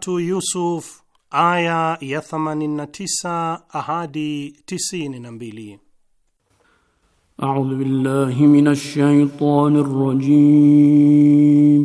3 Yusuf aya ya 89 hadi 92. A'udhu billahi minash shaitani rrajim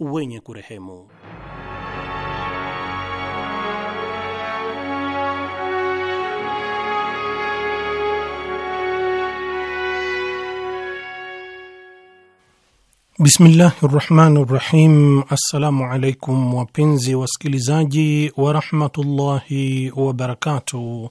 wenye kurehemu. Bismillahi rahmani rahim. Assalamu alaikum wapenzi wasikilizaji warahmatullahi wabarakatuh.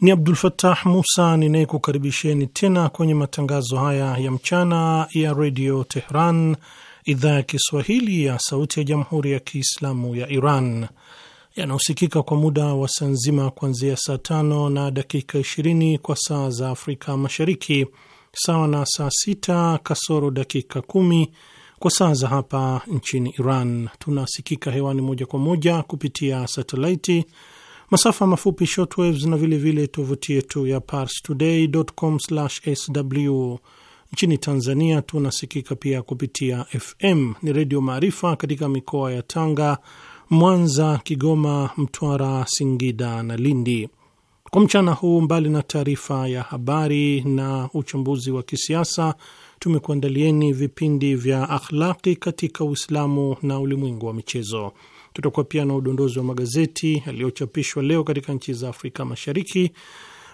Ni Abdul Fattah Musa ninayekukaribisheni tena kwenye matangazo haya ya mchana ya redio Tehran idhaa ya Kiswahili ya Sauti ya Jamhuri ya Kiislamu ya Iran yanayosikika kwa muda wa saa nzima kuanzia saa tano na dakika 20 kwa saa za Afrika Mashariki, sawa na saa sita kasoro dakika kumi kwa saa za hapa nchini Iran. Tunasikika hewani moja kwa moja kupitia satelaiti, masafa mafupi shortwaves na vilevile tovuti yetu ya parstoday.com/sw Nchini Tanzania tunasikika pia kupitia FM ni Redio Maarifa katika mikoa ya Tanga, Mwanza, Kigoma, Mtwara, Singida na Lindi. Kwa mchana huu, mbali na taarifa ya habari na uchambuzi wa kisiasa, tumekuandalieni vipindi vya akhlaki katika Uislamu na ulimwengu wa michezo. Tutakuwa pia na udondozi wa magazeti yaliyochapishwa leo katika nchi za Afrika Mashariki,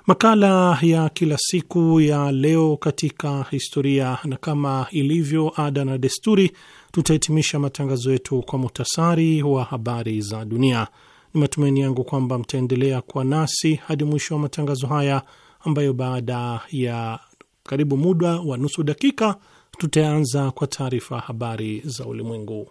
Makala ya kila siku ya leo katika historia, na kama ilivyo ada na desturi, tutahitimisha matangazo yetu kwa muhtasari wa habari za dunia. Ni matumaini yangu kwamba mtaendelea kuwa nasi hadi mwisho wa matangazo haya, ambayo baada ya karibu muda wa nusu dakika tutaanza kwa taarifa habari za ulimwengu.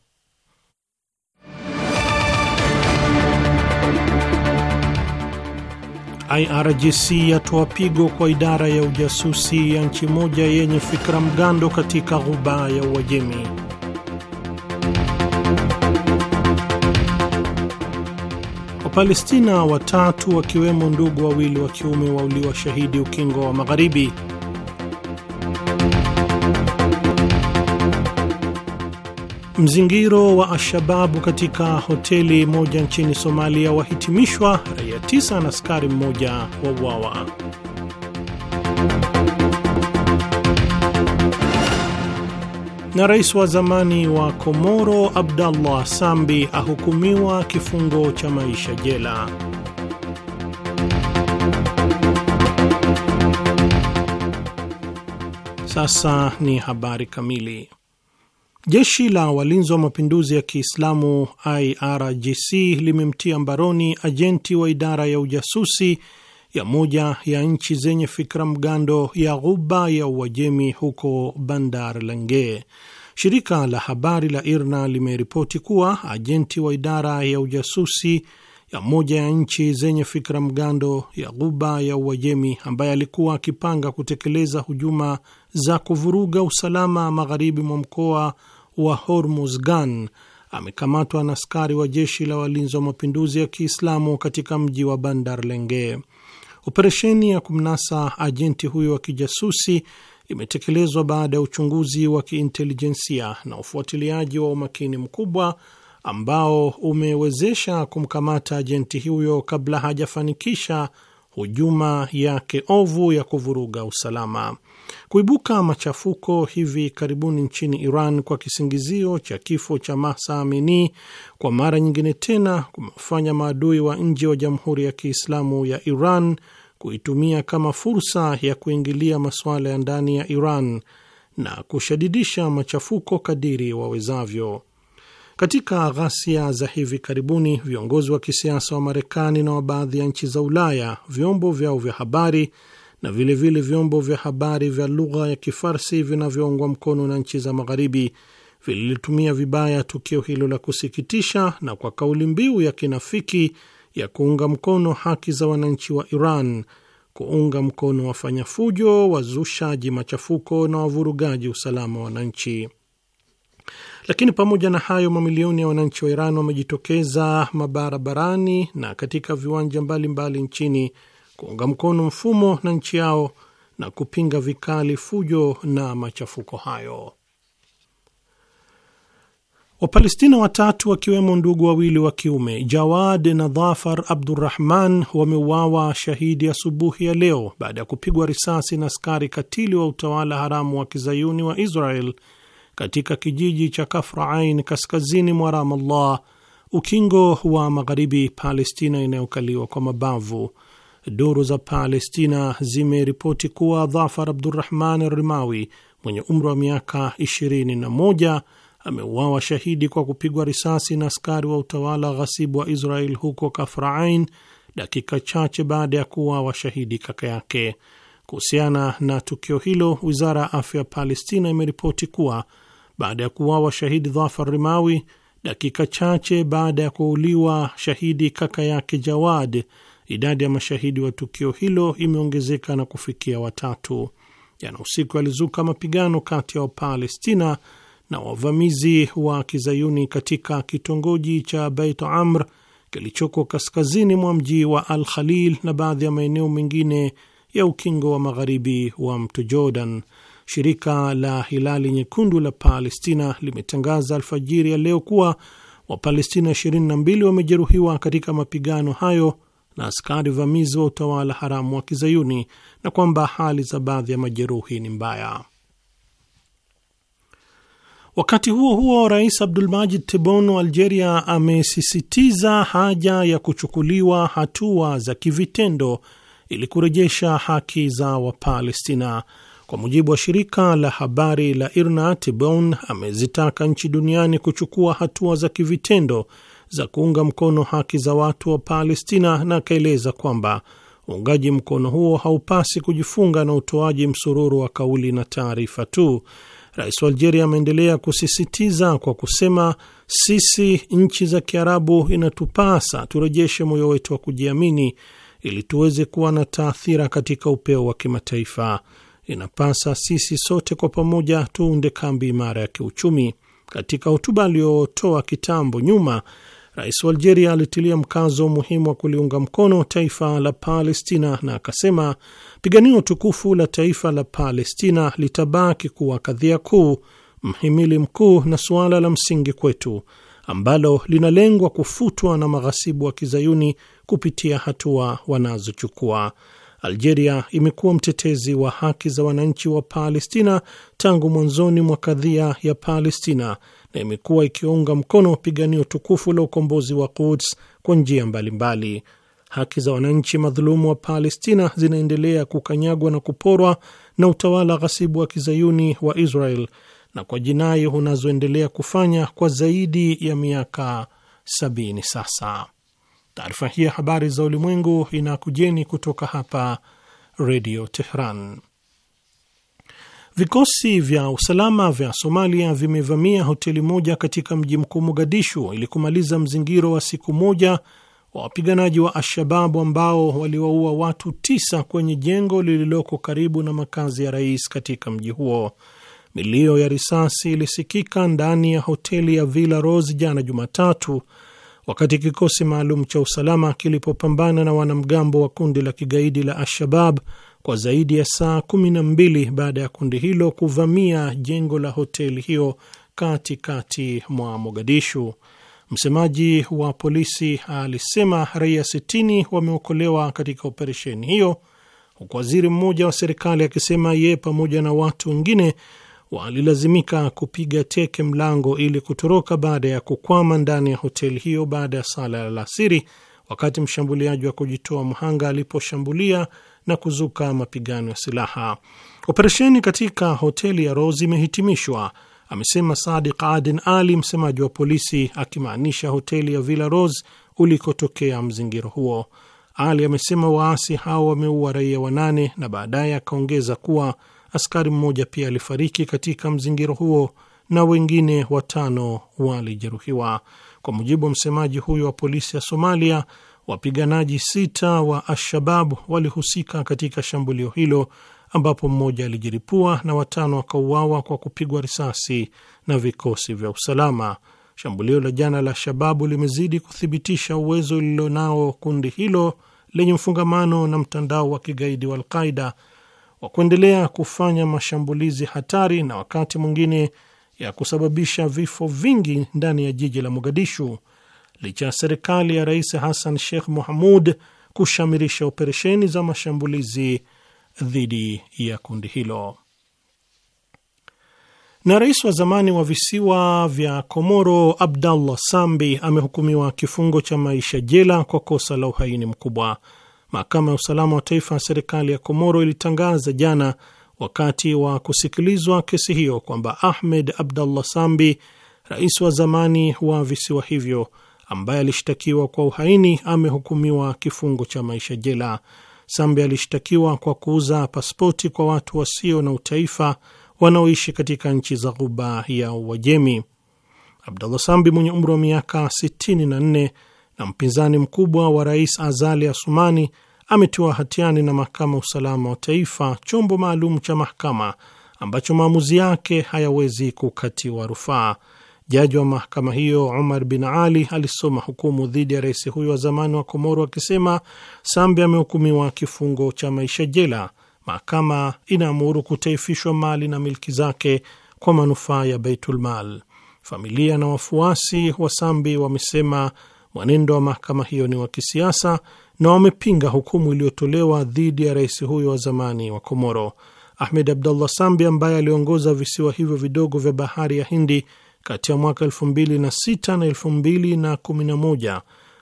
IRGC yatoa pigo kwa idara ya ujasusi ya nchi moja yenye fikra mgando katika ghuba ya Uajemi. Wapalestina watatu wakiwemo ndugu wawili wa kiume wauliwa shahidi ukingo wa Magharibi. Mzingiro wa Alshababu katika hoteli moja nchini Somalia wahitimishwa, raia tisa na askari mmoja wauawa. Na rais wa zamani wa Komoro Abdallah Sambi ahukumiwa kifungo cha maisha jela. Sasa ni habari kamili. Jeshi la walinzi wa mapinduzi ya Kiislamu IRGC limemtia mbaroni ajenti wa idara ya ujasusi ya moja ya nchi zenye fikra mgando ya Ghuba ya Uajemi huko Bandar Lenge. Shirika la habari la IRNA limeripoti kuwa ajenti wa idara ya ujasusi ya moja ya nchi zenye fikra mgando ya Ghuba ya Uajemi ambaye alikuwa akipanga kutekeleza hujuma za kuvuruga usalama magharibi mwa mkoa wa Hormuzgan amekamatwa na askari wa jeshi la walinzi wa mapinduzi ya Kiislamu katika mji wa Bandar Lenge. Operesheni ya kumnasa ajenti huyo wa kijasusi imetekelezwa baada ya uchunguzi wa kiintelijensia na ufuatiliaji wa umakini mkubwa ambao umewezesha kumkamata ajenti huyo kabla hajafanikisha hujuma yake ovu ya kuvuruga usalama. Kuibuka machafuko hivi karibuni nchini Iran kwa kisingizio cha kifo cha Mahsa Amini kwa mara nyingine tena kumefanya maadui wa nje wa Jamhuri ya Kiislamu ya Iran kuitumia kama fursa ya kuingilia masuala ya ndani ya Iran na kushadidisha machafuko kadiri wawezavyo. Katika ghasia za hivi karibuni, viongozi wa kisiasa wa Marekani na wa baadhi ya nchi za Ulaya, vyombo vyao vya habari na vilevile vile vyombo vya habari vya lugha ya Kifarsi vinavyoungwa mkono na nchi za Magharibi vililitumia vibaya tukio hilo la kusikitisha na kwa kauli mbiu ya kinafiki ya kuunga mkono haki za wananchi wa Iran, kuunga mkono wafanyafujo, wazushaji machafuko na wavurugaji usalama wa wananchi. Lakini pamoja na hayo, mamilioni ya wananchi wa Iran wamejitokeza mabarabarani na katika viwanja mbalimbali mbali nchini kuunga mkono mfumo na nchi yao na kupinga vikali fujo na machafuko hayo. Wapalestina watatu wakiwemo ndugu wawili wa kiume Jawad na Dhafar Abdurrahman wameuawa shahidi asubuhi ya, ya leo baada ya kupigwa risasi na askari katili wa utawala haramu wa kizayuni wa Israel katika kijiji cha Kafr Ain kaskazini mwa Ramallah, ukingo wa magharibi Palestina inayokaliwa kwa mabavu Duru za Palestina zimeripoti kuwa Dhafar Abdurrahman Rimawi mwenye umri wa miaka 21 ameuawa shahidi kwa kupigwa risasi na askari wa utawala ghasibu wa Israel huko Kafrain dakika chache baada ya kuuawa shahidi kaka yake. Kuhusiana na tukio hilo, wizara ya afya ya Palestina imeripoti kuwa baada ya kuuawa shahidi Dhafar Rimawi, dakika chache baada ya kuuliwa shahidi kaka yake Jawad Idadi ya mashahidi wa tukio hilo imeongezeka na kufikia watatu. Jana usiku alizuka mapigano kati ya Wapalestina na wavamizi wa kizayuni katika kitongoji cha Beit Amr kilichoko kaskazini mwa mji wa Al Khalil na baadhi ya maeneo mengine ya ukingo wa magharibi wa mto Jordan. Shirika la Hilali Nyekundu la Palestina limetangaza alfajiri ya leo kuwa Wapalestina 22 wamejeruhiwa katika mapigano hayo na askari uvamizi wa utawala haramu wa Kizayuni na kwamba hali za baadhi ya majeruhi ni mbaya. Wakati huo huo, Rais Abdulmajid Tebboune wa Algeria amesisitiza haja ya kuchukuliwa hatua za kivitendo ili kurejesha haki za Wapalestina. Kwa mujibu wa shirika la habari la IRNA, Tebon amezitaka nchi duniani kuchukua hatua za kivitendo za kuunga mkono haki za watu wa Palestina, na akaeleza kwamba uungaji mkono huo haupasi kujifunga na utoaji msururu wa kauli na taarifa tu. Rais wa Algeria ameendelea kusisitiza kwa kusema, sisi nchi za Kiarabu inatupasa turejeshe moyo wetu wa kujiamini ili tuweze kuwa na taathira katika upeo wa kimataifa. Inapasa sisi sote kwa pamoja tuunde kambi imara ya kiuchumi. Katika hotuba aliyotoa kitambo nyuma, Rais wa Algeria alitilia mkazo umuhimu wa kuliunga mkono taifa la Palestina na akasema piganio tukufu la taifa la Palestina litabaki kuwa kadhia kuu, mhimili mkuu na suala la msingi kwetu, ambalo linalengwa kufutwa na maghasibu wa kizayuni kupitia hatua wanazochukua. Algeria imekuwa mtetezi wa haki za wananchi wa Palestina tangu mwanzoni mwa kadhia ya Palestina na imekuwa ikiunga mkono piganio tukufu la ukombozi wa Quds kwa njia mbalimbali. Haki za wananchi madhulumu wa Palestina zinaendelea kukanyagwa na kuporwa na utawala ghasibu wa kizayuni wa Israel na kwa jinai unazoendelea kufanya kwa zaidi ya miaka sabini sasa. Taarifa hii ya habari za ulimwengu inakujeni kutoka hapa Redio Tehran. Vikosi vya usalama vya Somalia vimevamia hoteli moja katika mji mkuu Mogadishu ili kumaliza mzingiro wa siku moja wa wapiganaji wa Al-Shababu ambao waliwaua watu tisa kwenye jengo lililoko karibu na makazi ya rais katika mji huo. Milio ya risasi ilisikika ndani ya hoteli ya Villa Rose jana Jumatatu, wakati kikosi maalum cha usalama kilipopambana na wanamgambo wa kundi la kigaidi la Al-Shabab kwa zaidi ya saa kumi na mbili baada ya kundi hilo kuvamia jengo la hoteli hiyo katikati mwa Mogadishu. Msemaji wa polisi alisema raia 60 wameokolewa katika operesheni hiyo, huku waziri mmoja wa serikali akisema yeye pamoja na watu wengine walilazimika kupiga teke mlango ili kutoroka baada ya kukwama ndani ya hoteli hiyo baada ya sala ya alasiri, wakati mshambuliaji wa kujitoa mhanga aliposhambulia na kuzuka mapigano ya silaha. Operesheni katika hoteli ya Rose imehitimishwa, amesema Sadiq Aden Ali, msemaji wa polisi, akimaanisha hoteli ya Villa Rose ulikotokea mzingiro huo. Ali amesema waasi hao wameua raia wanane na baadaye akaongeza kuwa askari mmoja pia alifariki katika mzingiro huo na wengine watano walijeruhiwa. Kwa mujibu wa msemaji huyo wa polisi ya Somalia, wapiganaji sita wa Alshabab walihusika katika shambulio hilo ambapo mmoja alijiripua na watano wakauawa kwa kupigwa risasi na vikosi vya usalama. Shambulio la jana la Shababu limezidi kuthibitisha uwezo ulilonao kundi hilo lenye mfungamano na mtandao wa kigaidi wa Alqaida wa kuendelea kufanya mashambulizi hatari na wakati mwingine ya kusababisha vifo vingi ndani ya jiji la Mogadishu licha ya serikali ya Rais Hassan Sheikh Mohamud kushamirisha operesheni za mashambulizi dhidi ya kundi hilo. Na rais wa zamani wa visiwa vya Komoro Abdallah Sambi amehukumiwa kifungo cha maisha jela kwa kosa la uhaini mkubwa. Mahakama ya usalama wa taifa ya serikali ya Komoro ilitangaza jana wakati wa kusikilizwa kesi hiyo kwamba Ahmed Abdallah Sambi, rais wa zamani wa visiwa hivyo, ambaye alishtakiwa kwa uhaini amehukumiwa kifungo cha maisha jela. sambi alishtakiwa kwa kuuza pasipoti kwa watu wasio na utaifa wanaoishi katika nchi za Ghuba ya Uajemi. Abdullah Sambi mwenye umri wa miaka 64 na mpinzani mkubwa wa rais Azali Asumani ametiwa hatiani na mahakama usalama wa taifa, chombo maalum cha mahakama ambacho maamuzi yake hayawezi kukatiwa rufaa. Jaji wa mahakama hiyo Umar bin Ali alisoma hukumu dhidi ya rais huyo wa zamani wa Komoro akisema Sambi amehukumiwa kifungo cha maisha jela. Mahakama inaamuru kutaifishwa mali na milki zake kwa manufaa ya Beitulmal. Familia na wafuasi wa Sambi wamesema mwenendo wa mahakama hiyo ni wa kisiasa na wamepinga hukumu iliyotolewa dhidi ya rais huyo wa zamani wa Komoro. Ahmed Abdullah Sambi ambaye aliongoza visiwa hivyo vidogo vya bahari ya Hindi kati ya mwaka 2006 na 2011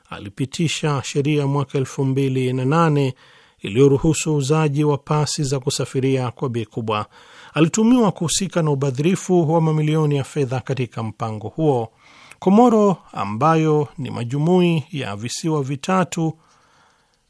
alipitisha sheria ya mwaka 2008 iliyoruhusu uuzaji wa pasi za kusafiria kwa bei kubwa. Alitumiwa kuhusika na ubadhirifu wa mamilioni ya fedha katika mpango huo. Komoro ambayo ni majumui ya visiwa vitatu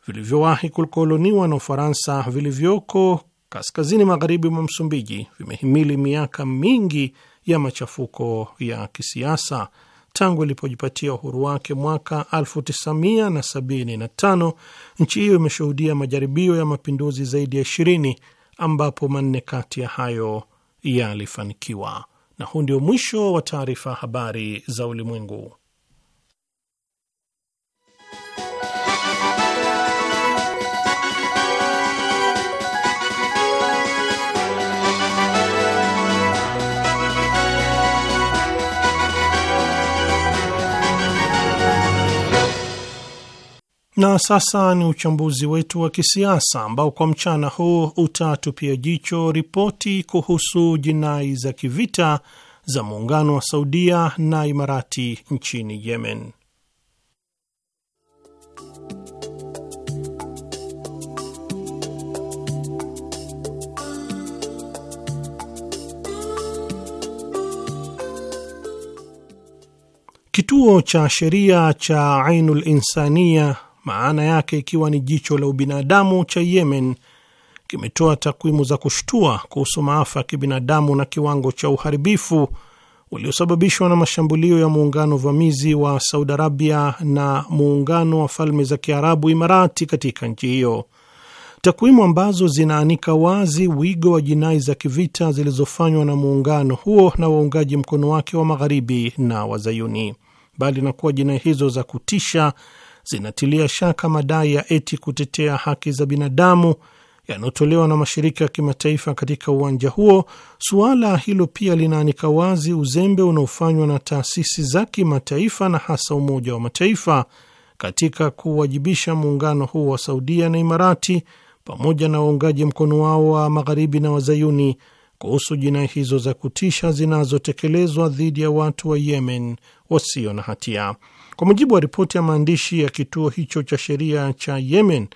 vilivyowahi kukoloniwa na Ufaransa vilivyoko kaskazini magharibi mwa Msumbiji vimehimili miaka mingi ya machafuko ya kisiasa tangu ilipojipatia uhuru wake mwaka 1975 nchi hiyo imeshuhudia majaribio ya mapinduzi zaidi ya 20 ambapo manne kati ya hayo yalifanikiwa. Na huu ndio mwisho wa taarifa habari za ulimwengu. Na sasa ni uchambuzi wetu wa kisiasa ambao kwa mchana huu utatupia jicho ripoti kuhusu jinai za kivita za muungano wa Saudia na Imarati nchini Yemen. Kituo cha sheria cha Ainul Insania maana yake ikiwa ni jicho la ubinadamu cha Yemen, kimetoa takwimu za kushtua kuhusu maafa ya kibinadamu na kiwango cha uharibifu uliosababishwa na mashambulio ya muungano vamizi wa Saudi Arabia na muungano wa falme za Kiarabu Imarati katika nchi hiyo, takwimu ambazo zinaanika wazi wigo wa jinai za kivita zilizofanywa na muungano huo na waungaji mkono wake wa magharibi na wazayuni. Mbali na kuwa jinai hizo za kutisha zinatilia shaka madai ya eti kutetea haki za binadamu yanayotolewa na mashirika ya kimataifa katika uwanja huo. Suala hilo pia linaanika wazi uzembe unaofanywa na taasisi za kimataifa na hasa Umoja wa Mataifa katika kuwajibisha muungano huo wa Saudia na Imarati pamoja na waungaji mkono wao wa Magharibi na Wazayuni kuhusu jinai hizo za kutisha zinazotekelezwa dhidi ya watu wa Yemen wasio na hatia. Kwa mujibu wa ripoti ya maandishi ya kituo hicho cha sheria cha Yemen,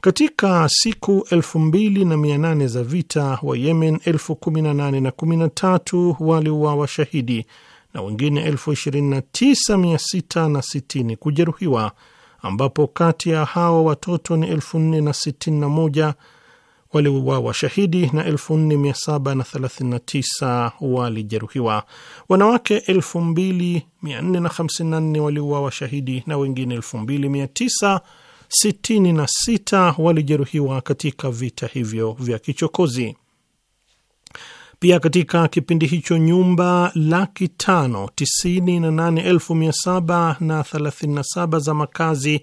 katika siku 2800 za vita wa Yemen 18 na wa shahidi na wengine 29660 kujeruhiwa ambapo kati ya hao watoto ni 4061 waliuawa shahidi na 4739 walijeruhiwa. Wanawake 2454 waliuawa shahidi na wengine 2966 walijeruhiwa katika vita hivyo vya kichokozi. Pia katika kipindi hicho nyumba laki tano tisini na nane elfu mia saba na thelathini na saba za makazi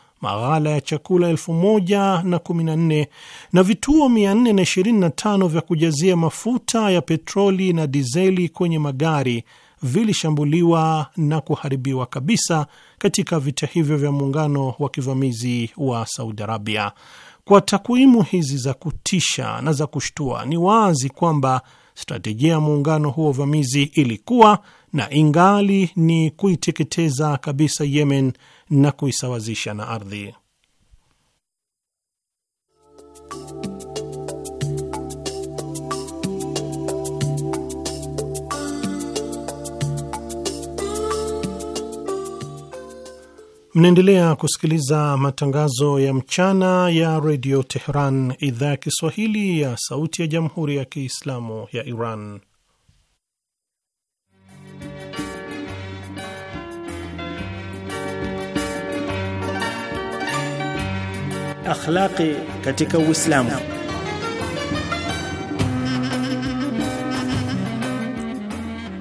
maghala ya chakula elfu na vituo 425 vya kujazia mafuta ya petroli na dizeli kwenye magari vilishambuliwa na kuharibiwa kabisa katika vita hivyo vya muungano wa kivamizi wa Saudi Arabia. Kwa takwimu hizi za kutisha na za kushtua, ni wazi kwamba stratejia ya muungano huo wa uvamizi ilikuwa na ingali ni kuiteketeza kabisa Yemen na kuisawazisha na ardhi. Mnaendelea kusikiliza matangazo ya mchana ya redio Tehran, idhaa ya Kiswahili ya sauti ya jamhuri ya kiislamu ya Iran. akhlaqi katika Uislamu.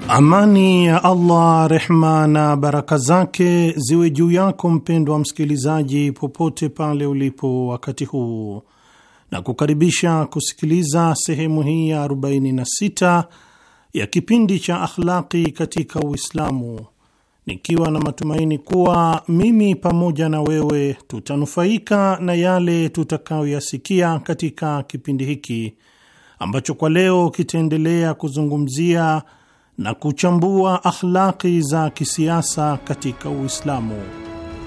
Amani ya Allah, rehma na baraka zake ziwe juu yako mpendwa msikilizaji, popote pale ulipo wakati huu, na kukaribisha kusikiliza sehemu hii ya 46 ya kipindi cha akhlaqi katika Uislamu nikiwa na matumaini kuwa mimi pamoja na wewe tutanufaika na yale tutakayoyasikia katika kipindi hiki ambacho kwa leo kitaendelea kuzungumzia na kuchambua akhlaki za kisiasa katika Uislamu.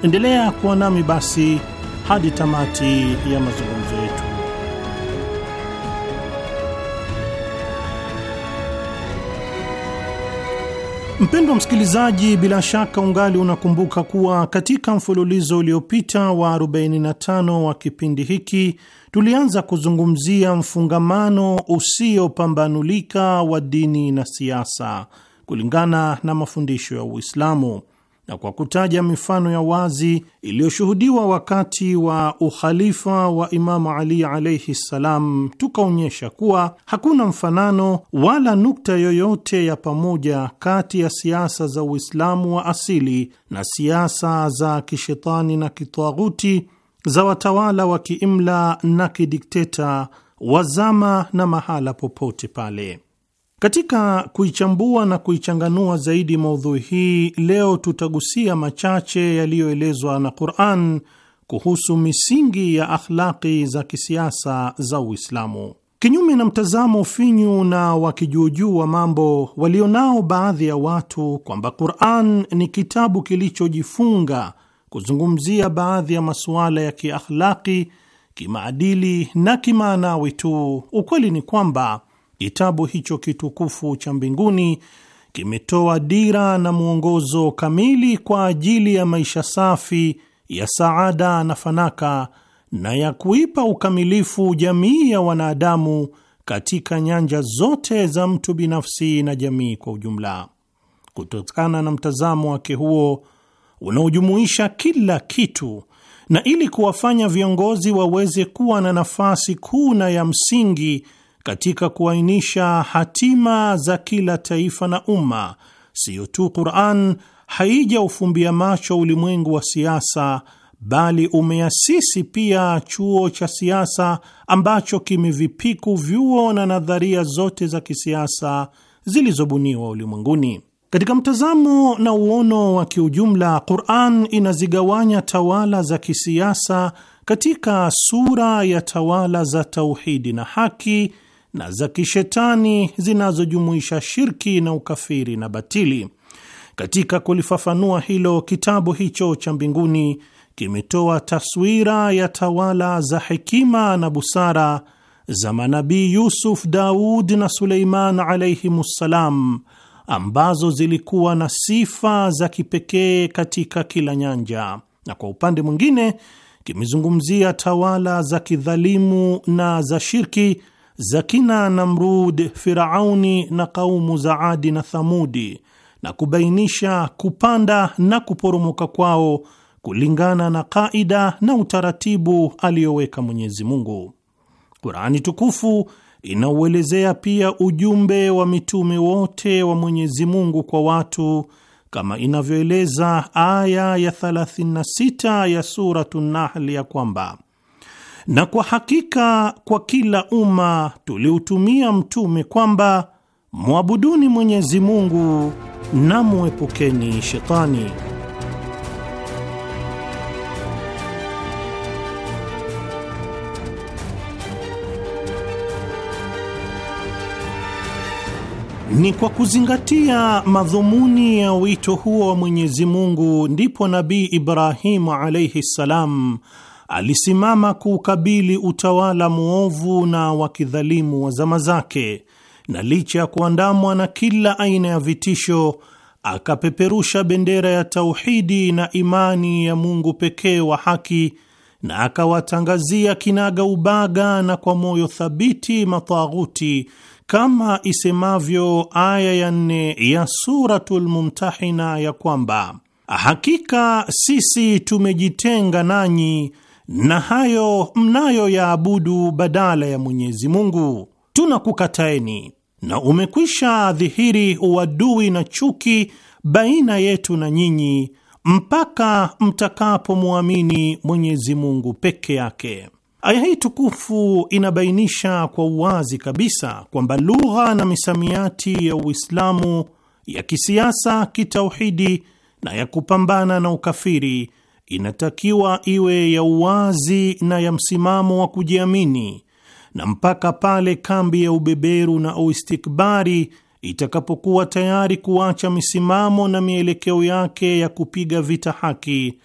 Endelea kuwa nami basi hadi tamati ya mazungumzo yetu. Mpendwa msikilizaji, bila shaka ungali unakumbuka kuwa katika mfululizo uliopita wa 45 wa kipindi hiki tulianza kuzungumzia mfungamano usiopambanulika wa dini na siasa kulingana na mafundisho ya Uislamu na kwa kutaja mifano ya wazi iliyoshuhudiwa wakati wa ukhalifa wa Imamu Ali alaihi ssalam, tukaonyesha kuwa hakuna mfanano wala nukta yoyote ya pamoja kati ya siasa za Uislamu wa asili na siasa za kishetani na kitaghuti za watawala wa kiimla na kidikteta wazama na mahala popote pale. Katika kuichambua na kuichanganua zaidi maudhui hii, leo tutagusia machache yaliyoelezwa na Qur'an kuhusu misingi ya akhlaqi za kisiasa za Uislamu. Kinyume na mtazamo finyu na wakijuujuu wa mambo walionao baadhi ya watu kwamba Qur'an ni kitabu kilichojifunga kuzungumzia baadhi ya masuala ya kiakhlaqi, kimaadili na kimaanawi tu, ukweli ni kwamba Kitabu hicho kitukufu cha mbinguni kimetoa dira na mwongozo kamili kwa ajili ya maisha safi ya saada na fanaka na ya kuipa ukamilifu jamii ya wanadamu katika nyanja zote za mtu binafsi na jamii kwa ujumla. Kutokana na mtazamo wake huo unaojumuisha kila kitu, na ili kuwafanya viongozi waweze kuwa na nafasi kuu na ya msingi katika kuainisha hatima za kila taifa na umma. Siyo tu Qur'an haijaufumbia macho ulimwengu wa siasa, bali umeasisi pia chuo cha siasa ambacho kimevipiku vyuo na nadharia zote za kisiasa zilizobuniwa ulimwenguni. Katika mtazamo na uono wa kiujumla, Qur'an inazigawanya tawala za kisiasa katika sura ya tawala za tauhidi na haki na za kishetani zinazojumuisha shirki na ukafiri na batili. Katika kulifafanua hilo, kitabu hicho cha mbinguni kimetoa taswira ya tawala za hekima na busara za manabii Yusuf, Daud na Suleiman ssalam ambazo zilikuwa na sifa za kipekee katika kila nyanja, na kwa upande mwingine kimezungumzia tawala za kidhalimu na za shirki za kina Namrud, Firauni na kaumu za Adi na Thamudi na kubainisha kupanda na kuporomoka kwao kulingana na kaida na utaratibu aliyoweka Mwenyezi Mungu. Qurani tukufu inauelezea pia ujumbe wa mitume wote wa Mwenyezi Mungu kwa watu kama inavyoeleza aya ya 36 ya Suratu Nahli ya kwamba na kwa hakika kwa kila umma tuliutumia mtume kwamba mwabuduni Mwenyezi Mungu na muepukeni shetani. Ni kwa kuzingatia madhumuni ya wito huo wa Mwenyezi Mungu ndipo Nabii Ibrahimu alaihi ssalam alisimama kuukabili utawala mwovu na wakidhalimu wa zama zake, na licha ya kuandamwa na kila aina ya vitisho, akapeperusha bendera ya tauhidi na imani ya Mungu pekee wa haki, na akawatangazia kinaga ubaga na kwa moyo thabiti mataghuti kama isemavyo aya ya nne ya Suratul Mumtahina ya kwamba hakika sisi tumejitenga nanyi na hayo mnayoyaabudu badala ya Mwenyezi Mungu tunakukataeni, na umekwisha dhihiri uadui na chuki baina yetu na nyinyi mpaka mtakapomwamini Mwenyezi Mungu peke yake. Aya hii tukufu inabainisha kwa uwazi kabisa kwamba lugha na misamiati ya Uislamu ya kisiasa, kitauhidi na ya kupambana na ukafiri inatakiwa iwe ya uwazi na ya msimamo wa kujiamini, na mpaka pale kambi ya ubeberu na uistikbari itakapokuwa tayari kuacha misimamo na mielekeo yake ya kupiga vita haki,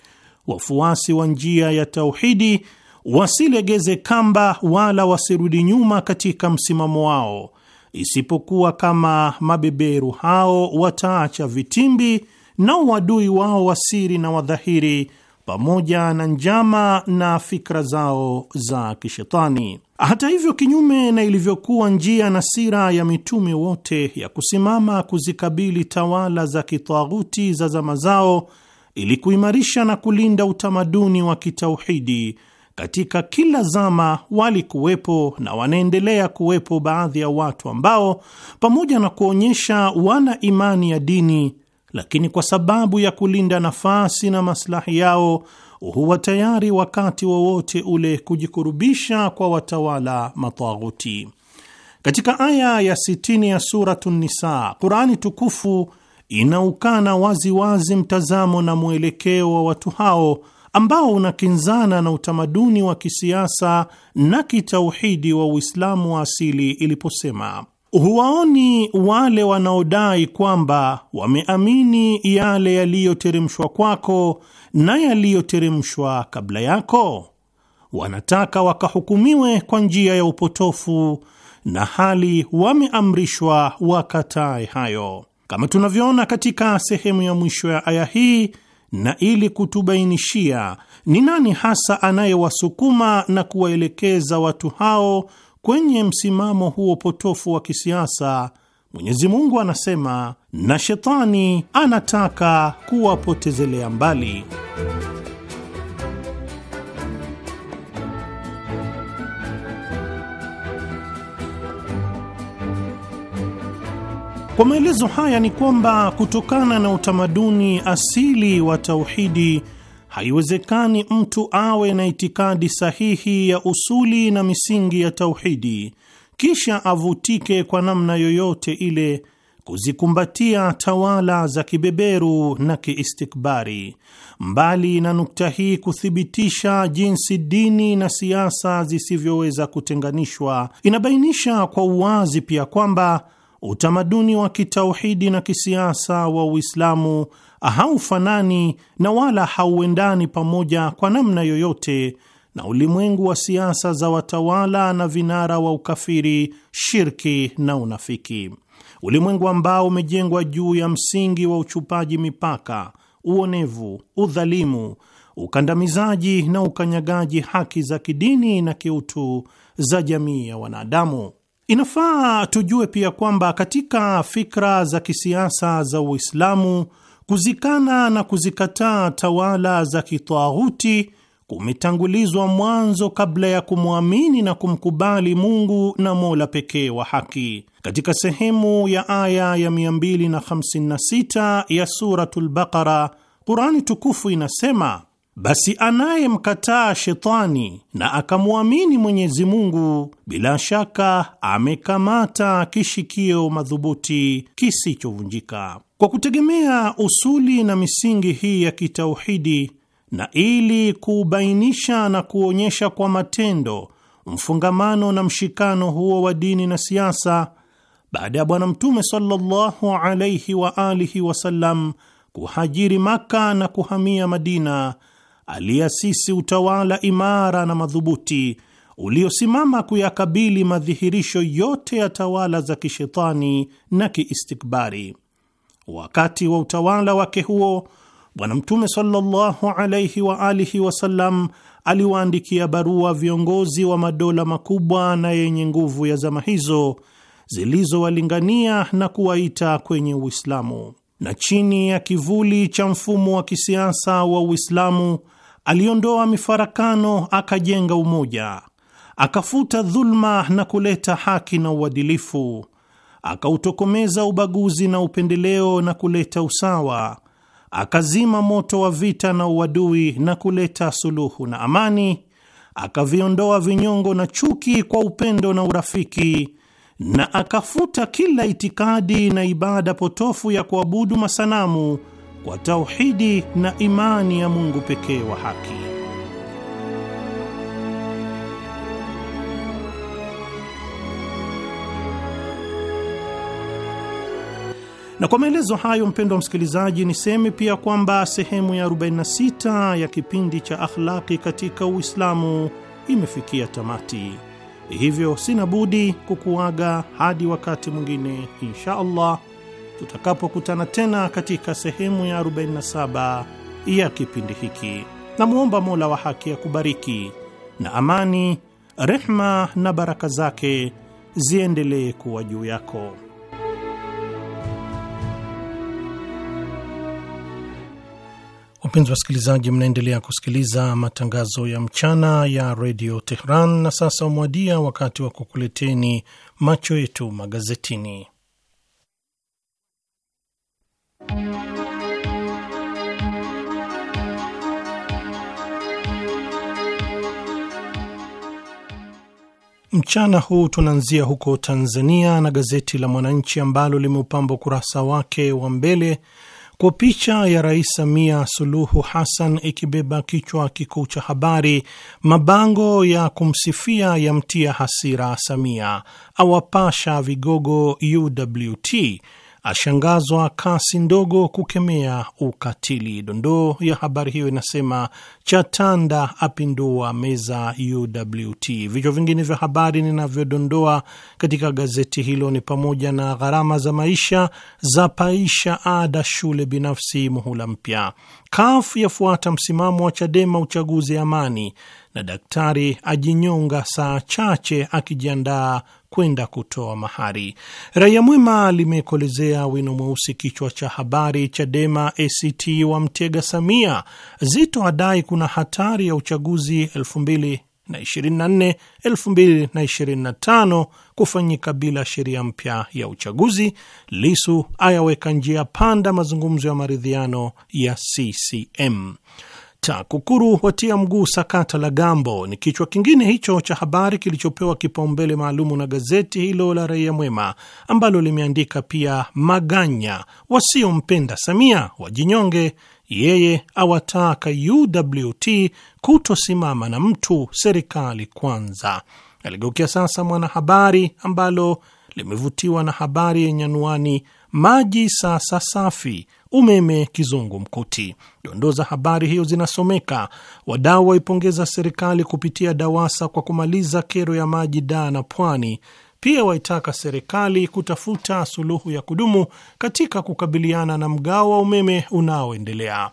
wafuasi wa njia ya tauhidi wasilegeze kamba wala wasirudi nyuma katika msimamo wao, isipokuwa kama mabeberu hao wataacha vitimbi na uadui wao wasiri na wadhahiri pamoja na njama na fikra zao za kishetani. Hata hivyo, kinyume na ilivyokuwa njia na sira ya mitume wote ya kusimama kuzikabili tawala za kitaghuti za zama zao ili kuimarisha na kulinda utamaduni wa kitauhidi katika kila zama, walikuwepo na wanaendelea kuwepo baadhi ya watu ambao pamoja na kuonyesha wana imani ya dini lakini kwa sababu ya kulinda nafasi na maslahi yao huwa tayari wakati wowote wa ule kujikurubisha kwa watawala mataghuti. Katika aya ya 6 ya Suratu Nisa, Qurani tukufu inaukana waziwazi mtazamo na mwelekeo wa watu hao ambao unakinzana na utamaduni wa kisiasa na kitauhidi wa Uislamu wa asili iliposema Huwaoni wale wanaodai kwamba wameamini yale yaliyoteremshwa kwako na yaliyoteremshwa kabla yako? Wanataka wakahukumiwe kwa njia ya upotofu na hali wameamrishwa wakatae hayo, kama tunavyoona katika sehemu ya mwisho ya aya hii. Na ili kutubainishia ni nani hasa anayewasukuma na kuwaelekeza watu hao Kwenye msimamo huo potofu wa kisiasa, Mwenyezi Mungu anasema na shetani anataka kuwapotezelea mbali. Kwa maelezo haya ni kwamba kutokana na utamaduni asili wa tauhidi haiwezekani mtu awe na itikadi sahihi ya usuli na misingi ya tauhidi kisha avutike kwa namna yoyote ile kuzikumbatia tawala za kibeberu na kiistikbari. Mbali na nukta hii kuthibitisha jinsi dini na siasa zisivyoweza kutenganishwa, inabainisha kwa uwazi pia kwamba utamaduni wa kitauhidi na kisiasa wa Uislamu haufanani na wala hauendani pamoja kwa namna yoyote na ulimwengu wa siasa za watawala na vinara wa ukafiri, shirki na unafiki, ulimwengu ambao umejengwa juu ya msingi wa uchupaji mipaka, uonevu, udhalimu, ukandamizaji na ukanyagaji haki za kidini na kiutu za jamii ya wanadamu. Inafaa tujue pia kwamba katika fikra za kisiasa za Uislamu Kuzikana na kuzikataa tawala za kitaghuti kumetangulizwa mwanzo kabla ya kumwamini na kumkubali Mungu na Mola pekee wa haki. Katika sehemu ya aya ya 256 ya suratul Baqara, Qurani tukufu inasema basi anayemkataa shetani na akamwamini Mwenyezi Mungu, bila shaka amekamata kishikio madhubuti kisichovunjika. Kwa kutegemea usuli na misingi hii ya kitauhidi, na ili kuubainisha na kuonyesha kwa matendo mfungamano na mshikano huo wa dini na siasa, baada ya Bwana Mtume sallallahu alaihi wa alihi wasallam kuhajiri Maka na kuhamia Madina aliyeasisi utawala imara na madhubuti uliosimama kuyakabili madhihirisho yote ya tawala za kishetani na kiistikbari. Wakati wa utawala wake huo, Bwana Mtume sallallahu alaihi wa alihi wasallam aliwaandikia barua viongozi wa madola makubwa na yenye nguvu ya zama hizo zilizowalingania na kuwaita kwenye Uislamu, na chini ya kivuli cha mfumo wa kisiasa wa Uislamu Aliondoa mifarakano, akajenga umoja, akafuta dhulma na kuleta haki na uadilifu, akautokomeza ubaguzi na upendeleo na kuleta usawa, akazima moto wa vita na uadui na kuleta suluhu na amani, akaviondoa vinyongo na chuki kwa upendo na urafiki na akafuta kila itikadi na ibada potofu ya kuabudu masanamu kwa tauhidi na imani ya Mungu pekee wa haki. Na kwa maelezo hayo, mpendo wa msikilizaji, niseme pia kwamba sehemu ya 46 ya kipindi cha akhlaki katika Uislamu imefikia tamati. Hivyo sina budi kukuaga hadi wakati mwingine insha Allah tutakapokutana tena katika sehemu ya 47 ya kipindi hiki. Namwomba Mola wa haki akubariki, na amani, rehma na baraka zake ziendelee kuwa juu yako. Wapenzi wasikilizaji, mnaendelea kusikiliza matangazo ya mchana ya redio Tehran, na sasa umewadia wakati wa kukuleteni macho yetu magazetini. Mchana huu tunaanzia huko Tanzania na gazeti la Mwananchi ambalo limeupamba ukurasa wake wa mbele kwa picha ya Rais Samia Suluhu Hassan ikibeba kichwa kikuu cha habari, mabango ya kumsifia yamtia hasira Samia, awapasha vigogo UWT ashangazwa kasi ndogo kukemea ukatili. Dondoo ya habari hiyo inasema Chatanda apindua meza UWT. Vichwa vingine vya habari ninavyodondoa katika gazeti hilo ni pamoja na gharama za maisha za paisha ada shule binafsi muhula mpya, kafu yafuata msimamo wa Chadema uchaguzi amani, na daktari ajinyonga saa chache akijiandaa kwenda kutoa mahari. Raia Mwema limekolezea wino mweusi kichwa cha habari, Chadema ACT mtega Samia, Zito adai kuna hatari ya uchaguzi 2024 2025 kufanyika bila sheria mpya ya uchaguzi. Lisu ayaweka njia panda mazungumzo ya maridhiano ya CCM. TAKUKURU watia mguu sakata la Gambo ni kichwa kingine hicho cha habari kilichopewa kipaumbele maalumu na gazeti hilo la Raia Mwema, ambalo limeandika pia Maganya wasiompenda Samia wajinyonge, yeye awataka UWT kutosimama na mtu, serikali kwanza. Aligeukia sasa Mwanahabari ambalo limevutiwa na habari yenye anuani maji sasa safi umeme kizungu mkuti Dondoo za habari hiyo zinasomeka: wadau waipongeza serikali kupitia DAWASA kwa kumaliza kero ya maji Daa na Pwani. Pia waitaka serikali kutafuta suluhu ya kudumu katika kukabiliana na mgao wa umeme unaoendelea.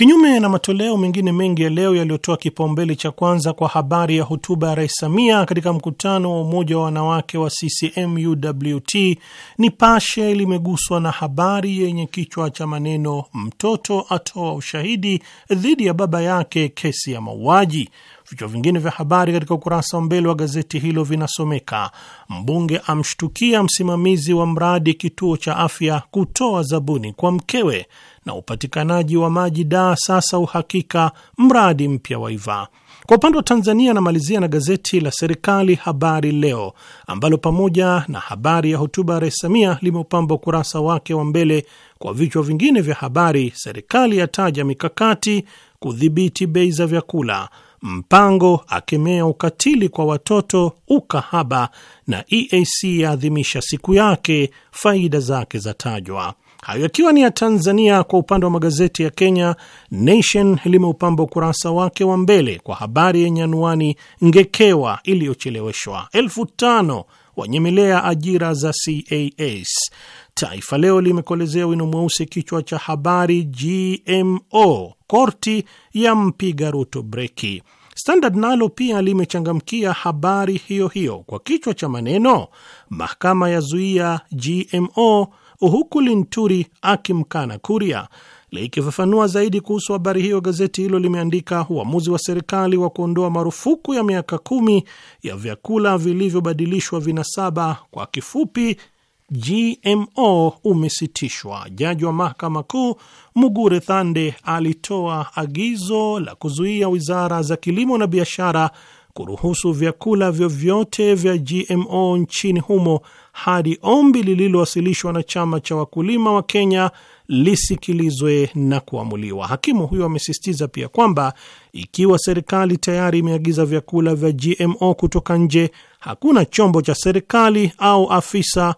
Kinyume na matoleo mengine mengi ya leo yaliyotoa kipaumbele cha kwanza kwa habari ya hotuba ya Rais Samia katika mkutano wa umoja wa wanawake wa CCM UWT, Nipashe limeguswa na habari yenye kichwa cha maneno mtoto atoa ushahidi dhidi ya baba yake kesi ya mauaji. Vichwa vingine vya habari katika ukurasa wa mbele wa gazeti hilo vinasomeka: mbunge amshtukia msimamizi wa mradi kituo cha afya kutoa zabuni kwa mkewe na upatikanaji wa maji daa sasa uhakika mradi mpya wa IVA. Kwa upande wa Tanzania anamalizia na gazeti la serikali Habari Leo ambalo pamoja na habari ya hotuba ya Rais Samia limeupamba ukurasa wake wa mbele kwa vichwa vingine vya habari: serikali yataja mikakati kudhibiti bei za vyakula, Mpango akemea ukatili kwa watoto, ukahaba, na EAC yaadhimisha siku yake, faida zake zatajwa. Hayo yakiwa ni ya Tanzania. Kwa upande wa magazeti ya Kenya, Nation limeupamba ukurasa wake wa mbele kwa habari yenye anuani ngekewa iliyocheleweshwa, elfu tano wanyemelea ajira za CAS. Taifa Leo limekolezea wino mweusi kichwa cha habari GMO, korti ya mpiga Ruto breki. Standard nalo pia limechangamkia habari hiyo hiyo kwa kichwa cha maneno mahakama ya zuia GMO huku Linturi akimkana Kuria. Likifafanua zaidi kuhusu habari hiyo, gazeti hilo limeandika uamuzi wa serikali wa kuondoa marufuku ya miaka kumi ya vyakula vilivyobadilishwa vinasaba, kwa kifupi GMO, umesitishwa. Jaji wa mahakama kuu Mugure Thande alitoa agizo la kuzuia wizara za kilimo na biashara kuruhusu vyakula vyovyote vya GMO nchini humo hadi ombi lililowasilishwa na chama cha wakulima wa Kenya lisikilizwe na kuamuliwa. Hakimu huyo amesisitiza pia kwamba ikiwa serikali tayari imeagiza vyakula vya GMO kutoka nje, hakuna chombo cha serikali au afisa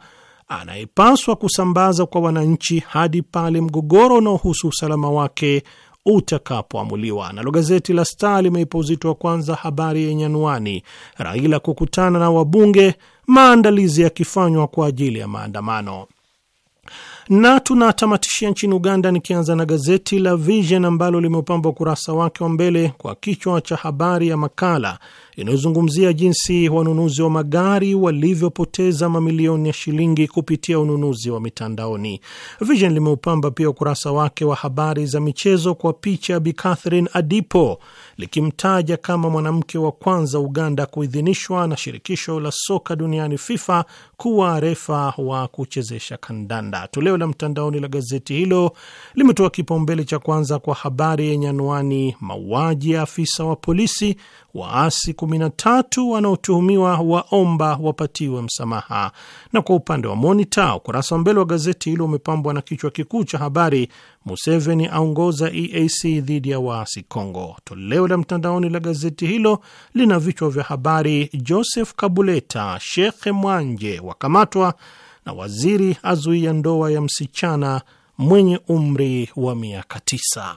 anayepaswa kusambaza kwa wananchi hadi pale mgogoro unaohusu usalama wake utakapoamuliwa. Nalo gazeti la Star limeipa uzito wa kwanza habari yenye anwani Raila kukutana na wabunge, maandalizi yakifanywa kwa ajili ya maandamano. Na tunatamatishia nchini Uganda, nikianza na gazeti la Vision ambalo limeupamba ukurasa wake wa mbele kwa kichwa cha habari ya makala inayozungumzia jinsi wanunuzi wa magari walivyopoteza mamilioni ya shilingi kupitia ununuzi wa mitandaoni. Vision limeupamba pia ukurasa wake wa habari za michezo kwa picha ya Bi Catherine Adipo likimtaja kama mwanamke wa kwanza Uganda kuidhinishwa na shirikisho la soka duniani FIFA kuwa refa wa kuchezesha kandanda. Toleo la mtandaoni la gazeti hilo limetoa kipaumbele cha kwanza kwa habari yenye anwani mauaji ya afisa wa polisi waasi 13 wanaotuhumiwa waomba wapatiwe msamaha. Na kwa upande wa Monita, ukurasa wa mbele wa gazeti hilo umepambwa na kichwa kikuu cha habari, Museveni aongoza EAC dhidi ya waasi congo Toleo la mtandaoni la gazeti hilo lina vichwa vya habari, Joseph Kabuleta, Shekhe Mwanje wakamatwa, na waziri azuia ndoa ya msichana mwenye umri wa miaka tisa.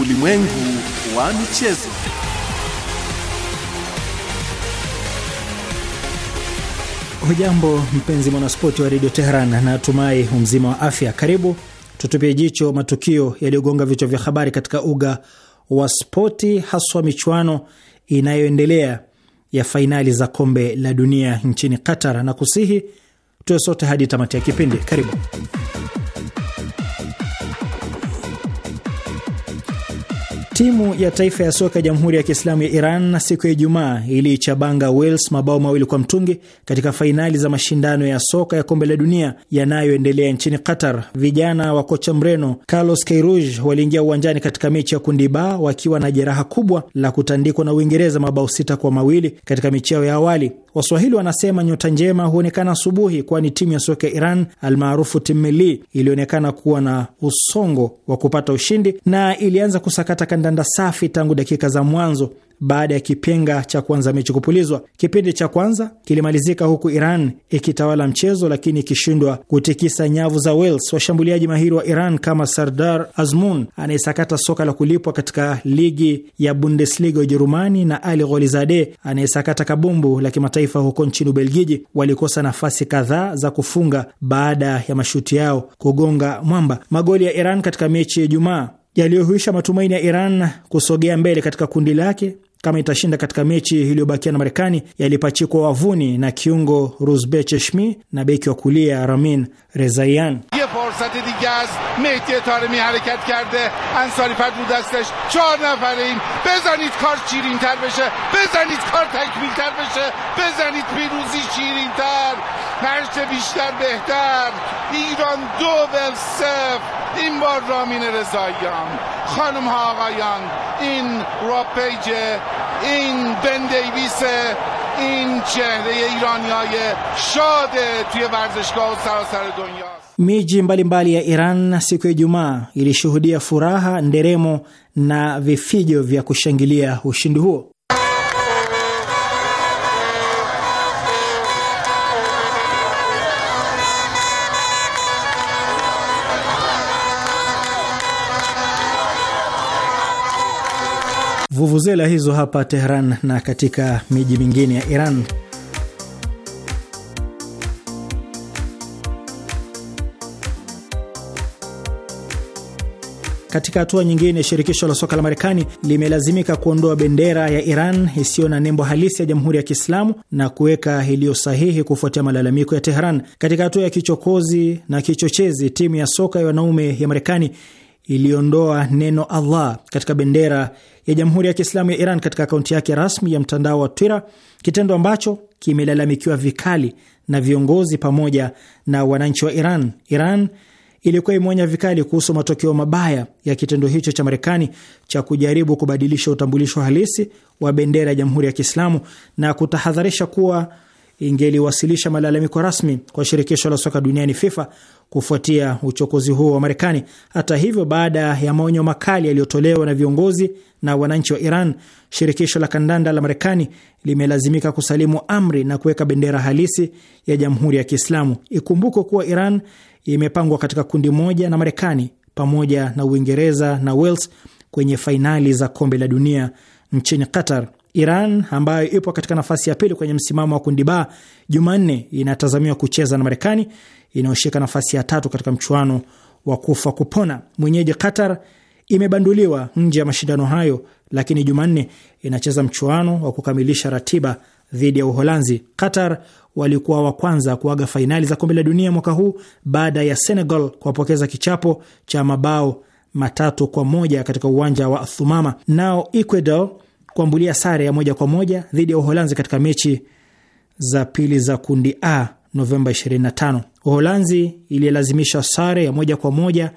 Ulimwengu wa michezo. Hujambo mpenzi mwanaspoti wa redio Teheran, natumai umzima wa afya. Karibu tutupie jicho matukio yaliyogonga vichwa vya habari katika uga wa spoti, haswa michuano inayoendelea ya fainali za kombe la dunia nchini Qatar, na kusihi tuwe sote hadi tamati ya kipindi. Karibu. Timu ya taifa ya soka ya Jamhuri ya Kiislamu ya Iran siku ya Ijumaa iliichabanga Wales mabao mawili kwa mtungi katika fainali za mashindano ya soka ya kombe la dunia yanayoendelea nchini Qatar. Vijana wa kocha Mreno Carlos Queiroz waliingia uwanjani katika mechi ya kundi ba wakiwa na jeraha kubwa la kutandikwa na Uingereza mabao sita kwa mawili katika yao ya awali. Waswahili wanasema nyota njema huonekana asubuhi, kwani timu ya soka ya Iran almaarufu Timmili ilionekana kuwa na usongo wa kupata ushindi na ilianza kusakata kandanda safi tangu dakika za mwanzo baada ya kipenga cha kwanza mechi kupulizwa. Kipindi cha kwanza kilimalizika huku Iran ikitawala mchezo, lakini ikishindwa kutikisa nyavu za Wales. Washambuliaji mahiri wa Iran kama Sardar Azmun anayesakata soka la kulipwa katika ligi ya Bundesliga Ujerumani na Ali Gholizade anayesakata kabumbu la kimataifa huko nchini Ubelgiji walikosa nafasi kadhaa za kufunga baada ya mashuti yao kugonga mwamba. Magoli ya Iran katika mechi ya Ijumaa yaliyohuisha matumaini ya Iran kusogea mbele katika kundi lake kama itashinda katika mechi iliyobakia na Marekani yalipachikwa wavuni na kiungo rusbe Cheshmi na beki wa kulia Ramin Rezaian. فرصت دیگه است مهدی تارمی حرکت کرده انصاری فرد دستش چهار نفره این بزنید کار شیرین تر بشه بزنید کار تکمیل تر بشه بزنید پیروزی شیرین تر هرچه بیشتر بهتر ایران دو و سف این بار رامین رضاییان خانم ها آقایان این راپیج این بن این چهره ایرانی های شاده توی ورزشگاه و سراسر دنیا Miji mbalimbali ya Iran siku ya Ijumaa ilishuhudia furaha, nderemo na vifijo vya kushangilia ushindi huo. Vuvuzela hizo hapa Tehran na katika miji mingine ya Iran Katika hatua nyingine, shirikisho la soka la Marekani limelazimika kuondoa bendera ya Iran isiyo na nembo halisi ya Jamhuri ya Kiislamu na kuweka iliyo sahihi kufuatia malalamiko ya teheran Katika hatua ya kichokozi na kichochezi, timu ya soka ya wanaume ya Marekani iliondoa neno Allah katika bendera ya Jamhuri ya Kiislamu ya Iran katika akaunti yake rasmi ya mtandao wa Twitter, kitendo ambacho kimelalamikiwa vikali na viongozi pamoja na wananchi wa Iran. Iran ilikuwa imeonya vikali kuhusu matokeo mabaya ya kitendo hicho cha Marekani cha kujaribu kubadilisha utambulisho halisi wa bendera ya Jamhuri ya Kiislamu na kutahadharisha kuwa ingeliwasilisha malalamiko rasmi kwa shirikisho la soka duniani FIFA kufuatia uchokozi huo wa Marekani. Hata hivyo, baada ya maonyo makali yaliyotolewa na viongozi na wananchi wa Iran, shirikisho la kandanda la Marekani limelazimika kusalimu amri na kuweka bendera halisi ya Jamhuri ya Kiislamu. Ikumbukwe kuwa Iran imepangwa katika kundi moja na Marekani pamoja na Uingereza na Wales kwenye fainali za kombe la dunia nchini Qatar. Iran ambayo ipo katika nafasi ya pili kwenye msimamo wa kundi ba, Jumanne inatazamiwa kucheza na Marekani inayoshika nafasi ya tatu katika mchuano wa kufa kupona. Mwenyeji Qatar imebanduliwa nje ya mashindano hayo, lakini Jumanne inacheza mchuano wa kukamilisha ratiba dhidi ya Uholanzi. Qatar walikuwa wa kwanza kuaga fainali za kombe la dunia mwaka huu baada ya Senegal kuwapokeza kichapo cha mabao matatu kwa moja katika uwanja wa Thumama. Nao Ecuador kuambulia sare ya moja kwa moja dhidi ya Uholanzi katika mechi za pili za kundi A Novemba 25. Uholanzi ililazimisha sare ya moja kwa moja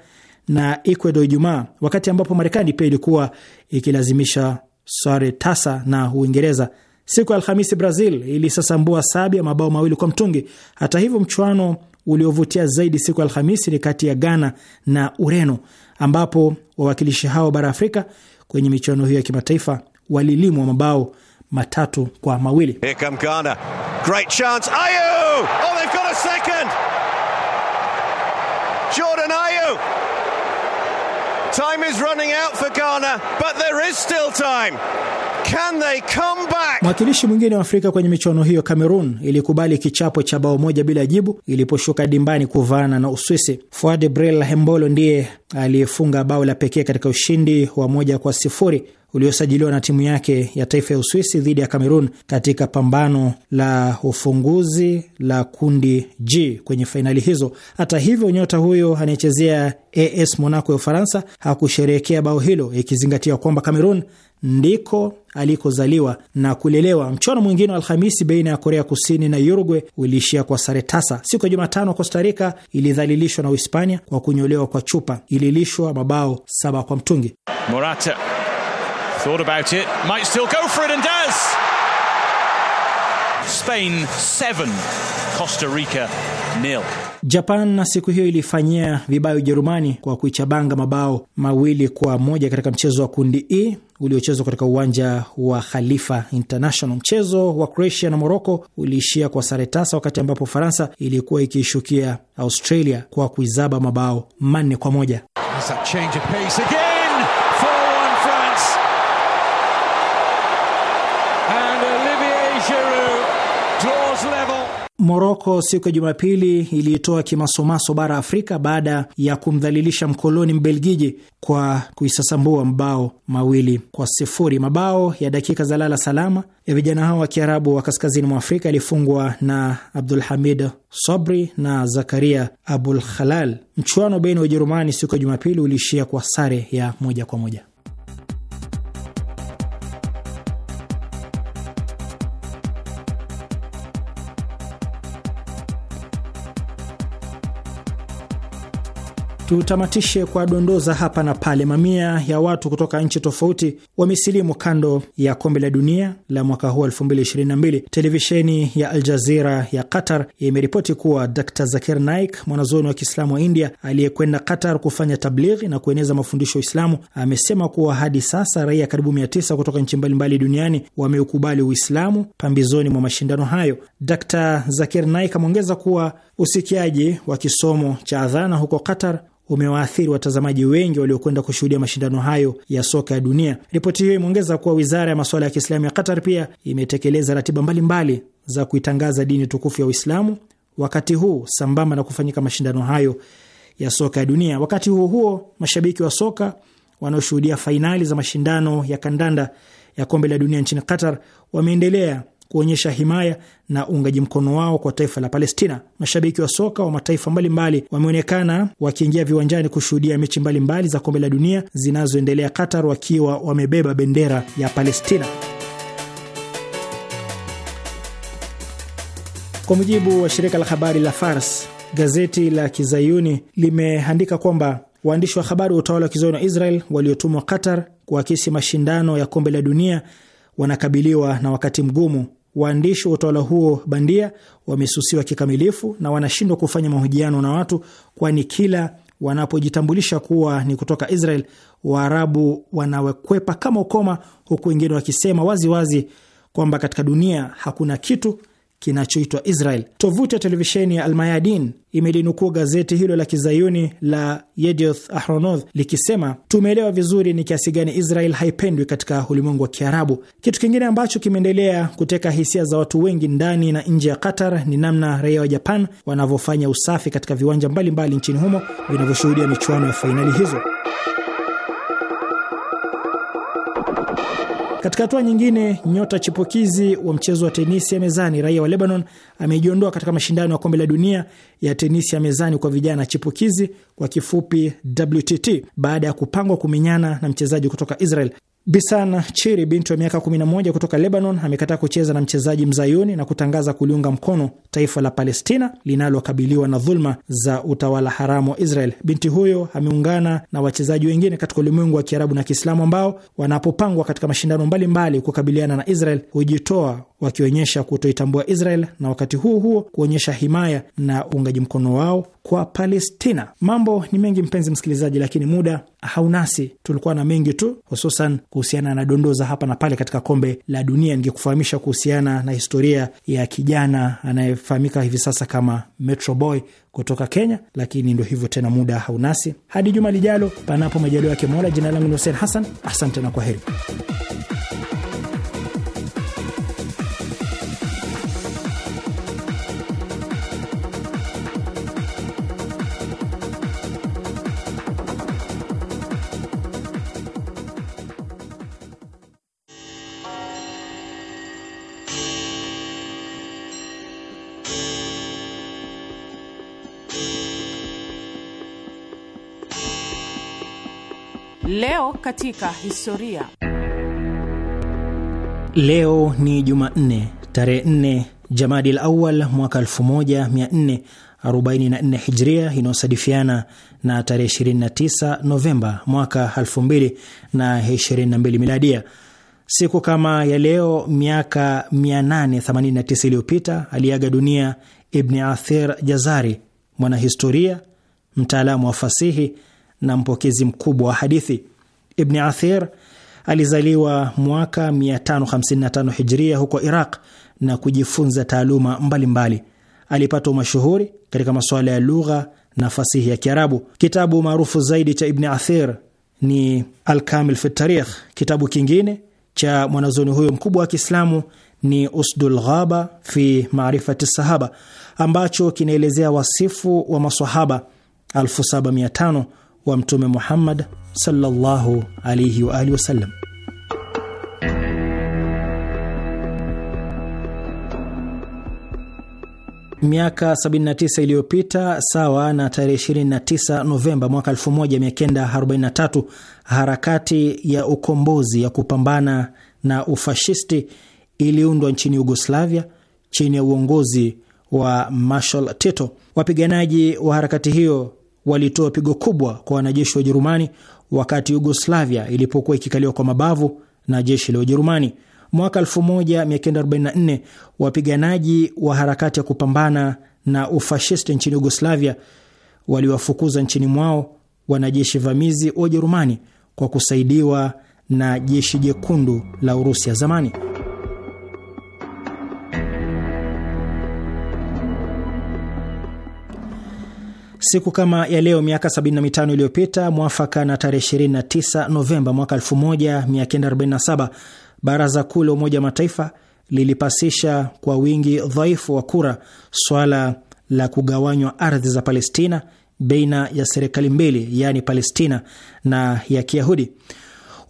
na Ecuador Ijumaa, wakati ambapo Marekani pia ilikuwa ikilazimisha sare tasa na Uingereza. Siku ya Alhamisi, Brazil ilisasambua sabi ya mabao mawili kwa mtungi. Hata hivyo, mchuano uliovutia zaidi siku ya Alhamisi ni kati ya Ghana na Ureno, ambapo wawakilishi hao bara Afrika kwenye michuano hiyo ya kimataifa walilimwa mabao matatu kwa mawili. Here come Ghana. Great chance. Ayu! Oh, they've got a second. Jordan Ayu. Time is running out for Ghana, but there is still time. Can they come back? Mwakilishi mwingine wa Afrika kwenye michuano hiyo, Cameroon, ilikubali kichapo cha bao moja bila jibu iliposhuka dimbani kuvaana na Uswisi. Fuad Brel Hembolo ndiye aliyefunga bao la pekee katika ushindi wa moja kwa sifuri uliosajiliwa na timu yake ya taifa ya Uswisi dhidi ya Cameroon katika pambano la ufunguzi la kundi G kwenye fainali hizo. Hata hivyo, nyota huyo anayechezea AS Monaco ya Ufaransa hakusherehekea bao hilo, ikizingatia kwamba Cameroon ndiko alikozaliwa na kulelewa. Mchuano mwingine wa Alhamisi baina ya Korea Kusini na Uruguay uliishia kwa sare tasa. Siku ya Jumatano, Costa Rica ilidhalilishwa na Uhispania kwa kunyolewa kwa chupa, ililishwa mabao saba kwa mtungi Morata. Thought about it, might still go for it and does. Spain 7 Costa Rica nil. Japan na siku hiyo ilifanyia vibaya Ujerumani kwa kuichabanga mabao mawili kwa moja katika mchezo wa kundi E uliochezwa katika uwanja wa Khalifa International. Mchezo wa Croatia na Morocco uliishia kwa sare tasa, wakati ambapo Faransa ilikuwa ikiishukia Australia kwa kuizaba mabao manne kwa moja. Moroko siku ya Jumapili iliitoa kimasomaso bara Afrika baada ya kumdhalilisha mkoloni Mbelgiji kwa kuisasambua mabao mawili kwa sifuri. Mabao ya dakika za lala salama ya vijana hao wa Kiarabu wa kaskazini mwa Afrika yalifungwa na Abdul Hamid Sobri na Zakaria Abul Khalal. Mchuano baina ya Ujerumani siku ya Jumapili uliishia kwa sare ya moja kwa moja. Tutamatishe kwa dondoza hapa na pale. Mamia ya watu kutoka nchi tofauti wamesilimu kando ya kombe la dunia la mwaka huu 2022. Televisheni ya Al ya Qatar imeripoti kuwa Dr Zakir Naik, mwanazuoni wa Kiislamu wa India aliyekwenda Qatar kufanya tablighi na kueneza mafundisho ya Uislamu, amesema kuwa hadi sasa raia karibu 900 kutoka nchi mbalimbali duniani wameukubali Uislamu pambizoni mwa mashindano hayo. Dr Zakir Naik ameongeza kuwa usikiaji wa kisomo cha adhana huko Qatar umewaathiri watazamaji wengi waliokwenda kushuhudia mashindano hayo ya soka ya dunia. Ripoti hiyo imeongeza kuwa wizara ya masuala ya Kiislamu ya Qatar pia imetekeleza ratiba mbalimbali mbali za kuitangaza dini tukufu ya Uislamu wakati huu sambamba na kufanyika mashindano hayo ya soka ya dunia. Wakati huo huo, mashabiki wa soka wanaoshuhudia fainali za mashindano ya kandanda ya kombe la dunia nchini Qatar wameendelea kuonyesha himaya na uungaji mkono wao kwa taifa la Palestina. Mashabiki wa soka wa mataifa mbalimbali wameonekana wakiingia viwanjani kushuhudia mechi mbalimbali za kombe la dunia zinazoendelea Qatar, wakiwa wamebeba bendera ya Palestina. Kwa mujibu wa shirika la habari la Fars, gazeti la kizayuni limeandika kwamba waandishi wa habari wa utawala wa kizayuni wa Israel waliotumwa Qatar kuakisi mashindano ya kombe la dunia wanakabiliwa na wakati mgumu waandishi wa utawala huo bandia wamesusiwa kikamilifu na wanashindwa kufanya mahojiano na watu, kwani kila wanapojitambulisha kuwa ni kutoka Israel, Waarabu wanawekwepa kama ukoma, huku wengine wakisema waziwazi kwamba katika dunia hakuna kitu kinachoitwa Israel. Tovuti ya televisheni ya Almayadin imelinukuu gazeti hilo la kizayuni la Yedioth Ahronoth likisema, tumeelewa vizuri ni kiasi gani Israel haipendwi katika ulimwengu wa Kiarabu. Kitu kingine ambacho kimeendelea kuteka hisia za watu wengi ndani na nje ya Qatar ni namna raia wa Japan wanavyofanya usafi katika viwanja mbalimbali mbali nchini humo vinavyoshuhudia michuano ya fainali hizo. Katika hatua nyingine, nyota chipukizi wa mchezo wa tenisi ya mezani raia wa Lebanon amejiondoa katika mashindano ya kombe la dunia ya tenisi ya mezani kwa vijana chipukizi, kwa kifupi WTT, baada ya kupangwa kumenyana na mchezaji kutoka Israel Bisana Chiri, binti wa miaka 11 kutoka Lebanon, amekataa kucheza na mchezaji mzayuni na kutangaza kuliunga mkono taifa la Palestina linalokabiliwa na dhulma za utawala haramu wa Israel. Binti huyo ameungana na wachezaji wengine katika ulimwengu wa Kiarabu na Kiislamu ambao wanapopangwa katika mashindano mbalimbali kukabiliana na Israel hujitoa wakionyesha kutoitambua Israel na wakati huo huo kuonyesha himaya na uungaji mkono wao kwa Palestina. Mambo ni mengi, mpenzi msikilizaji, lakini muda haunasi. Tulikuwa na mengi tu, hususan kuhusiana na dondoo za hapa na pale katika kombe la dunia. Ningekufahamisha kuhusiana na historia ya kijana anayefahamika hivi sasa kama Metro Boy kutoka Kenya, lakini ndo hivyo tena, muda haunasi. Hadi juma lijalo, panapo majaliwa yake Mola. Jina langu ni Hussein Hassan, asante na kwa heri. Leo katika historia. Leo ni Jumanne tarehe nne Jamadil Awal mwaka 1444 Hijria, inayosadifiana na tarehe 29 Novemba mwaka 2022 Miladia. Siku kama ya leo miaka 889 iliyopita aliaga dunia Ibni Athir Jazari, mwanahistoria, mtaalamu wa fasihi na mpokezi mkubwa wa hadithi. Ibn Athir alizaliwa mwaka 555 hijria huko Iraq na kujifunza taaluma mbalimbali mbali. Alipata umashuhuri katika masuala ya lugha na fasihi ya Kiarabu. Kitabu maarufu zaidi cha Ibn Athir ni Alkamil fi Tarikh. Kitabu kingine cha mwanazoni huyo mkubwa wa Kiislamu ni Usdul Ghaba fi Marifati Sahaba, ambacho kinaelezea wasifu wa masahaba 7500 wa Mtume Muhammad sallallahu alayhi wa alihi wasallam. Miaka 79 iliyopita sawa na tarehe 29 Novemba mwaka 1943, harakati ya ukombozi ya kupambana na ufashisti iliundwa nchini Yugoslavia chini ya uongozi wa Marshal Tito. Wapiganaji wa harakati hiyo walitoa pigo kubwa kwa wanajeshi wa Ujerumani wakati Yugoslavia ilipokuwa ikikaliwa kwa mabavu na jeshi la Ujerumani. Mwaka 1944 wapiganaji wa harakati ya kupambana na ufashisti nchini Yugoslavia waliwafukuza nchini mwao wanajeshi vamizi wa Ujerumani kwa kusaidiwa na jeshi jekundu la Urusi ya zamani. Siku kama ya leo miaka 75 iliyopita, mwafaka na tarehe 29 Novemba mwaka 1947, Baraza Kuu la Umoja wa Mataifa lilipasisha kwa wingi dhaifu wa kura swala la kugawanywa ardhi za Palestina baina ya serikali mbili, yaani Palestina na ya Kiyahudi.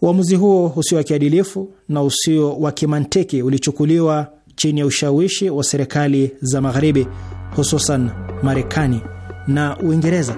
Uamuzi huo usio wa kiadilifu na usio wa kimantiki ulichukuliwa chini ya ushawishi wa serikali za Magharibi, hususan Marekani na Uingereza.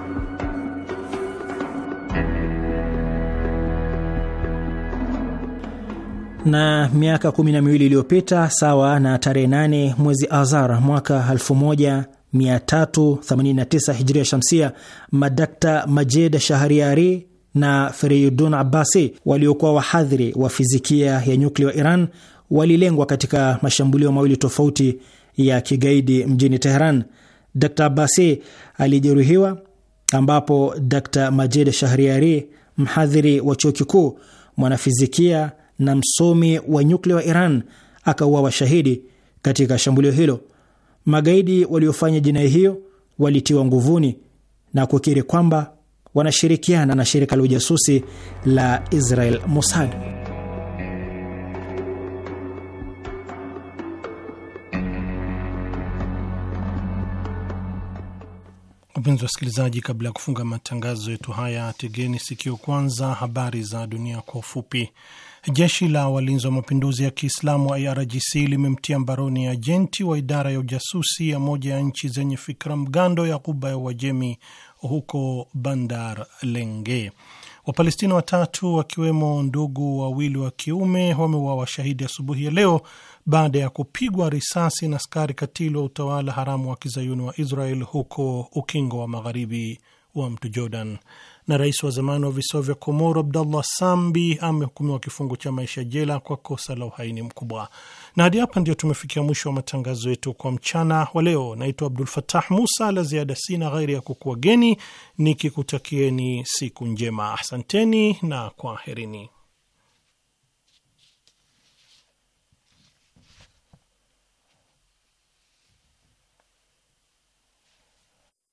Na miaka kumi na miwili iliyopita, sawa na tarehe 8 mwezi Azar mwaka 1389 Hijria Shamsia, madakta Majed Shahriari na Fereyudun Abbasi waliokuwa wahadhiri wa fizikia ya nyuklia wa Iran walilengwa katika mashambulio mawili tofauti ya kigaidi mjini Teheran. Dr Abbasi alijeruhiwa, ambapo Dr Majid Shahriari, mhadhiri wa chuo kikuu, mwanafizikia na msomi wa nyuklia wa Iran, akauawa shahidi katika shambulio hilo. Magaidi waliofanya jinai hiyo walitiwa nguvuni na kukiri kwamba wanashirikiana na shirika la ujasusi la Israel Mossad. Wapenzi wasikilizaji, kabla ya kufunga matangazo yetu haya, tegeni sikio kwanza habari za dunia kwa ufupi. Jeshi la walinzi wa mapinduzi ya Kiislamu IRGC limemtia mbaroni ajenti wa idara ya ujasusi ya moja ya nchi zenye fikra mgando ya kuba ya Uajemi huko Bandar Lenge. Wapalestina watatu wakiwemo ndugu wawili wa kiume wameuawa shahidi asubuhi ya leo baada ya kupigwa risasi na askari katili wa utawala haramu wa kizayuni wa Israel huko ukingo wa magharibi wa mto Jordan. Na rais wa zamani wa visiwa vya Komoro abdullah Sambi amehukumiwa kifungo cha maisha jela kwa kosa la uhaini mkubwa. Na hadi hapa ndio tumefikia mwisho wa matangazo yetu kwa mchana wa leo. Naitwa Abdul Fatah Musa. La ziada sina ghairi ya kukua geni nikikutakieni siku njema. Asanteni na kwaherini.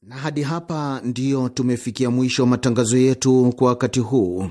Na hadi hapa ndio tumefikia mwisho wa matangazo yetu kwa wakati huu.